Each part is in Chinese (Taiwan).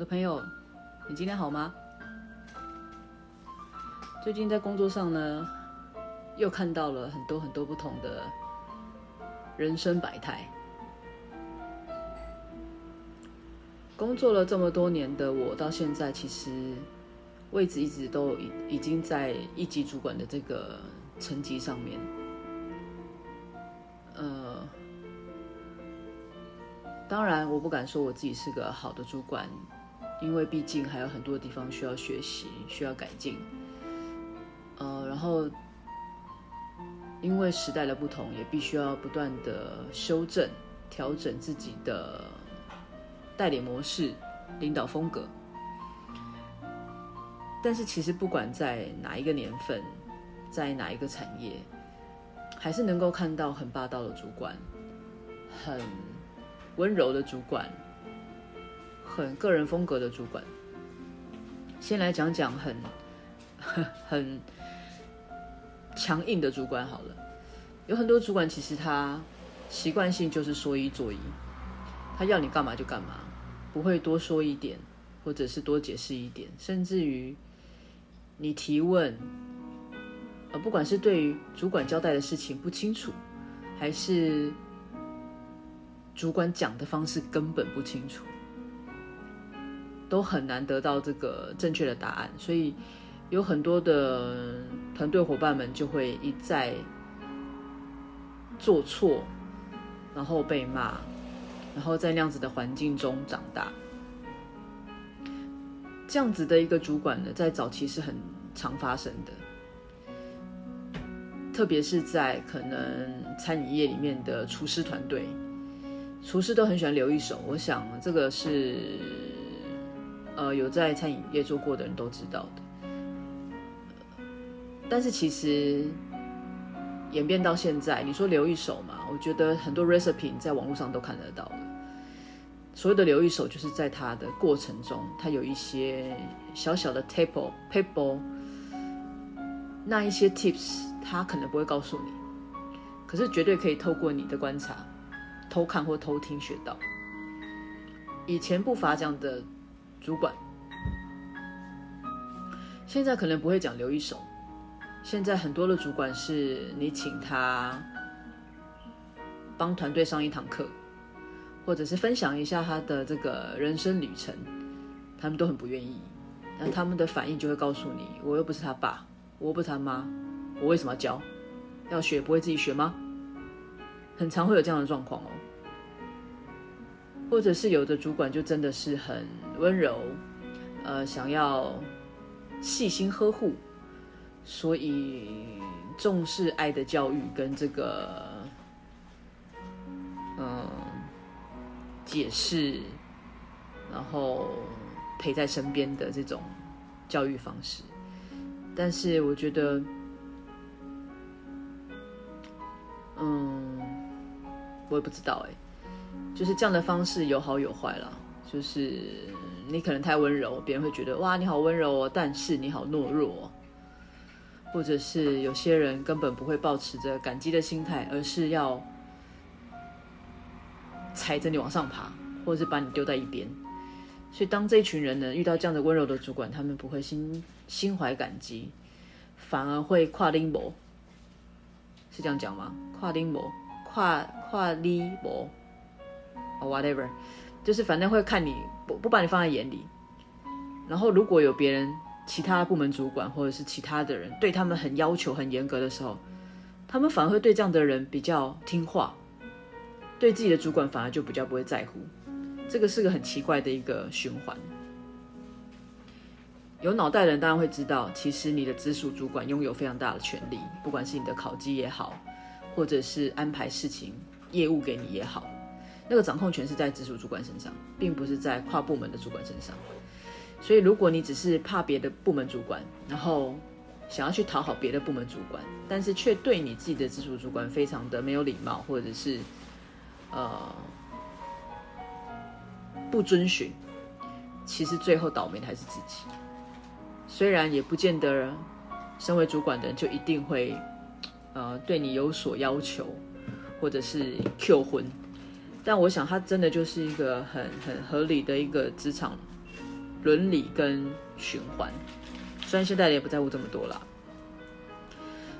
我的朋友，你今天好嗎？最近在工作上呢，又看到了很多很多不同的人生百態。工作了這麼多年的我，到現在其實位置一直都已已經在一級主管的這個層級上面。呃，當然我不敢說我自己是個好的主管。因為畢竟還有很多地方需要學習、需要改進，呃，然後因為時代的不同，也必須要不斷的修正、調整自己的代理模式、領導風格。但是其實不管在哪一個年份，在哪一個產業，還是能夠看到很霸道的主管，很溫柔的主管、很個人風格的主管，先來講講很很強硬的主管好了。有很多主管其實他習慣性就是說一做一，他要你幹嘛就幹嘛，不會多說一點，或者是多解釋一點，甚至於你提問，而不管是對於主管交代的事情不清楚，還是主管講的方式根本不清楚，都很難得到這個正確的答案，所以有很多的團隊夥伴們就會一再做錯，然後被罵，然後在那樣子的環境中長大。這樣子的一個主管呢，在早期是很常發生的，特別是在可能餐飲業裡面的廚師團隊，廚師都很喜歡留一手，我想這個是。呃，有在餐飲業做過的人都知道的。但是其實演變到現在，你說留一手嘛？我覺得很多 recipe 你在網絡上都看得到了。所謂的留一手，就是在他的過程中，他有一些小小的 table paper，那一些 tips，他可能不會告訴你，可是絕對可以透過你的觀察、偷看或偷聽學到。以前不乏這樣的。主管現在可能不會講留一手，現在很多的主管是你請他幫團隊上一堂課，或者是分享一下他的這個人生旅程，他們都很不願意。那他們的反應就會告訴你，我又不是他爸，我又不是他媽，我為什麼要教？要學不會自己學嗎？很常會有這樣的狀況哦。或者是有的主管就真的是很溫柔，呃，想要細心呵護，所以重視愛的教育跟這個，嗯，解釋，然後陪在身邊的這種教育方式。但是我覺得，嗯，我也不知道哎。就是這樣的方式有好有壞啦，就是你可能太溫柔，別人會覺得哇，你好溫柔哦，但是你好懦弱哦，或者是有些人根本不會抱持着感激的心態，而是要踩着你往上爬，或者是把你丟在一邊。所以當這一群人呢，遇到這樣的溫柔的主管，他們不會心心懷感激，反而會跨拎母，是這樣講嗎？跨拎母，跨跨拎母。Oh, whatever，就是反正會看你不不把你放在眼裡，然後如果有別人其他部門主管或者是其他的人對他們很要求很嚴格的時候，他們反而會對這樣的人比較聽話，對自己的主管反而就比較不會在乎，這個是個很奇怪的一個循環。有腦袋的人當然會知道，其實你的直屬主管擁有非常大的權力，不管是你的考績也好，或者是安排事情業務給你也好。那個掌控權是在直屬主管身上，並不是在跨部門的主管身上。所以，如果你只是怕別的部門主管，然後想要去討好別的部門主管，但是卻對你自己的直屬主管非常的沒有禮貌，或者是呃不遵循，其實最後倒霉的還是自己。雖然也不見得身為主管的人就一定會呃對你有所要求，或者是 Q 魂。但我想，它真的就是一個很很合理的一個職場倫理跟循環。雖然現在也不在乎這麼多了，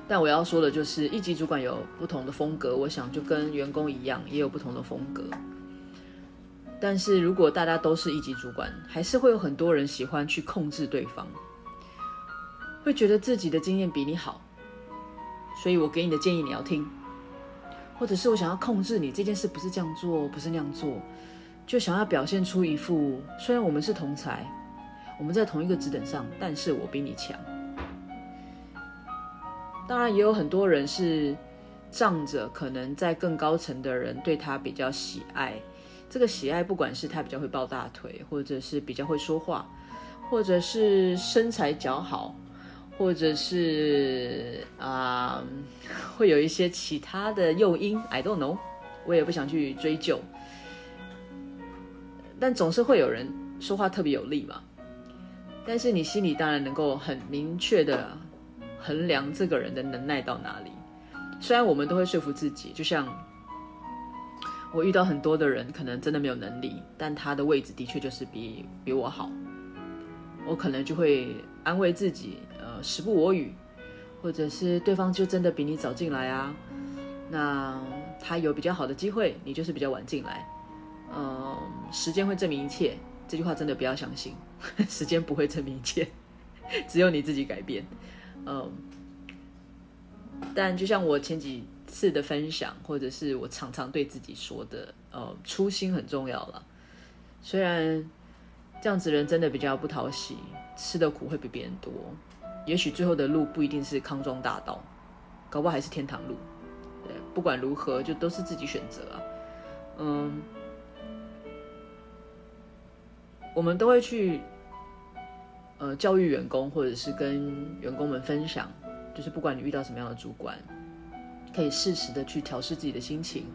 但我要說的就是，一級主管有不同的風格，我想就跟員工一樣，也有不同的風格。但是如果大家都是一級主管，還是會有很多人喜歡去控制對方，會覺得自己的經驗比你好，所以我給你的建議你要聽。或者是我想要控制你這件事，不是這樣做，不是那樣做，就想要表現出一副雖然我們是同儕，我們在同一個職等上，但是我比你強。當然，也有很多人是仗着可能在更高層的人對他比較喜愛，這個喜愛不管是他比較會抱大腿，或者是比較會說話，或者是身材姣好。或者是啊，會有一些其他的誘因，I don't know, 我也不想去追究。但總是會有人說話特別有力嘛。但是你心裡當然能夠很明確的衡量這個人的能耐到哪裡。雖然我們都會說服自己，就像我遇到很多的人，可能真的沒有能力，但他的位置的確就是比比我好，我可能就會安慰自己。時不我與，或者是對方就真的比你早進來啊，那他有比較好的機會，你就是比較晚進來。嗯，時間會證明一切，這句話真的不要相信， 時間不會證明一切，只有你自己改變。嗯，但就像我前幾次的分享，或者是我常常對自己說的，呃、嗯，初心很重要啦。雖然這樣子人真的比較不討喜，吃的苦會比別人多。也許最後的路不一定是康莊大道，搞不好還是天堂路。對，不管如何，就都是自己選擇啊。嗯，我們都會去呃教育員工，或者是跟員工們分享，就是不管你遇到什麼樣的主管，可以適時的去調適自己的心情，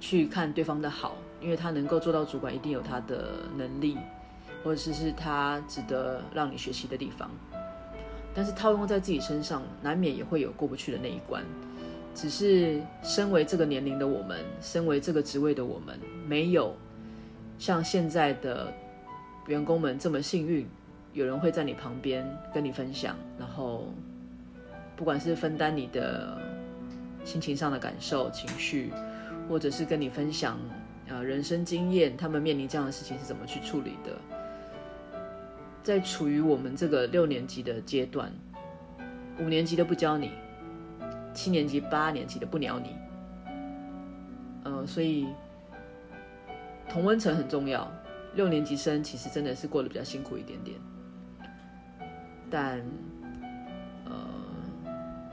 去看對方的好，因為他能夠做到主管，一定有他的能力，或者是是他值得讓你學習的地方。但是套用在自己身上，難免也會有過不去的那一關。只是身為這個年齡的我們，身為這個職位的我們，沒有像現在的員工們這麼幸運，有人會在你旁邊跟你分享，然後不管是分擔你的心情上的感受、情緒，或者是跟你分享呃人生經驗，他們面臨這樣的事情是怎麼去處理的。在處於我們這個六年級的階段，五年級的不教你，七年級、八年級的不鳥你，呃，所以同溫層很重要。六年級生其實真的是過得比較辛苦一點點，但呃，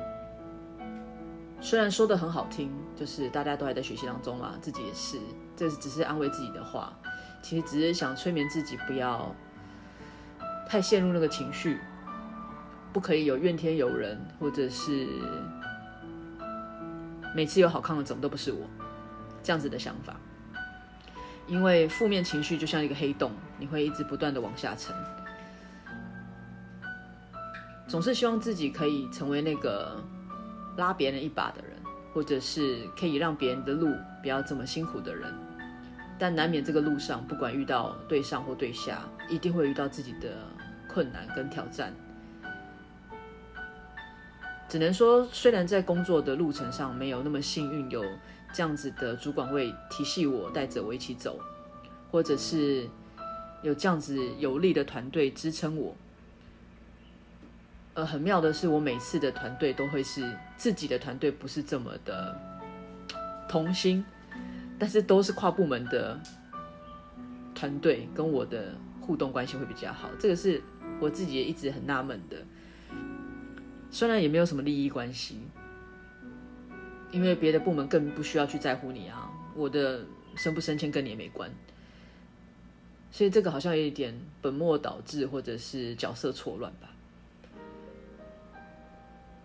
雖然說的很好聽，就是大家都還在學習當中嘛，自己也是，這只是安慰自己的話，其實只是想催眠自己，不要。太陷入那個情緒，不可以有怨天尤人，或者是每次有好康的怎麼都不是我這樣子的想法。因為負面情緒就像一個黑洞，你會一直不斷的往下沉。總是希望自己可以成為那個拉別人一把的人，或者是可以讓別人的路不要這麼辛苦的人。但難免這個路上，不管遇到對上或對下，一定會遇到自己的。困難跟挑戰，只能說雖然在工作的路程上沒有那麼幸運，有這樣子的主管會提攜我，帶着我一起走，或者是有這樣子有力的團隊支撐我。呃，很妙的是，我每次的團隊都會是自己的團隊，不是這麼的同心，但是都是跨部門的團隊，跟我的互動關係會比較好。這個是。我自己也一直很納悶的，雖然也沒有什麼利益關係，因為別的部門更不需要去在乎你啊，我的升不升遷跟你也沒關，所以這個好像有一點本末倒置，或者是角色錯亂吧。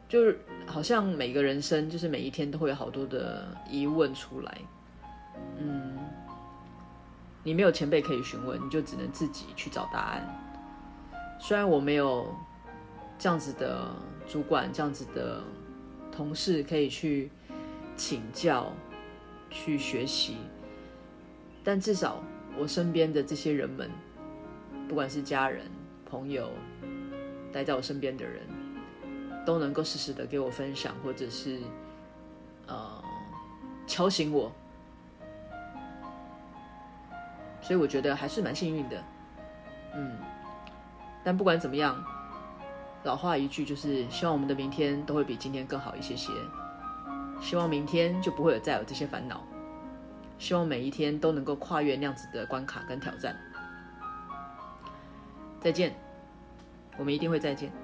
就是好像每個人生，就是每一天都會有好多的疑問出來。嗯，你沒有前輩可以詢問，你就只能自己去找答案。雖然我沒有這樣子的主管，這樣子的同事可以去請教、去學習，但至少我身邊的這些人們，不管是家人、朋友，待在我身邊的人，都能夠時時的給我分享，或者是呃敲醒我，所以我覺得還是蠻幸運的，嗯。但不管怎麼樣，老話一句，就是希望我們的明天都會比今天更好一些些。希望明天就不會有再有這些煩惱。希望每一天都能夠跨越那樣子的關卡跟挑戰。再見，我們一定會再見。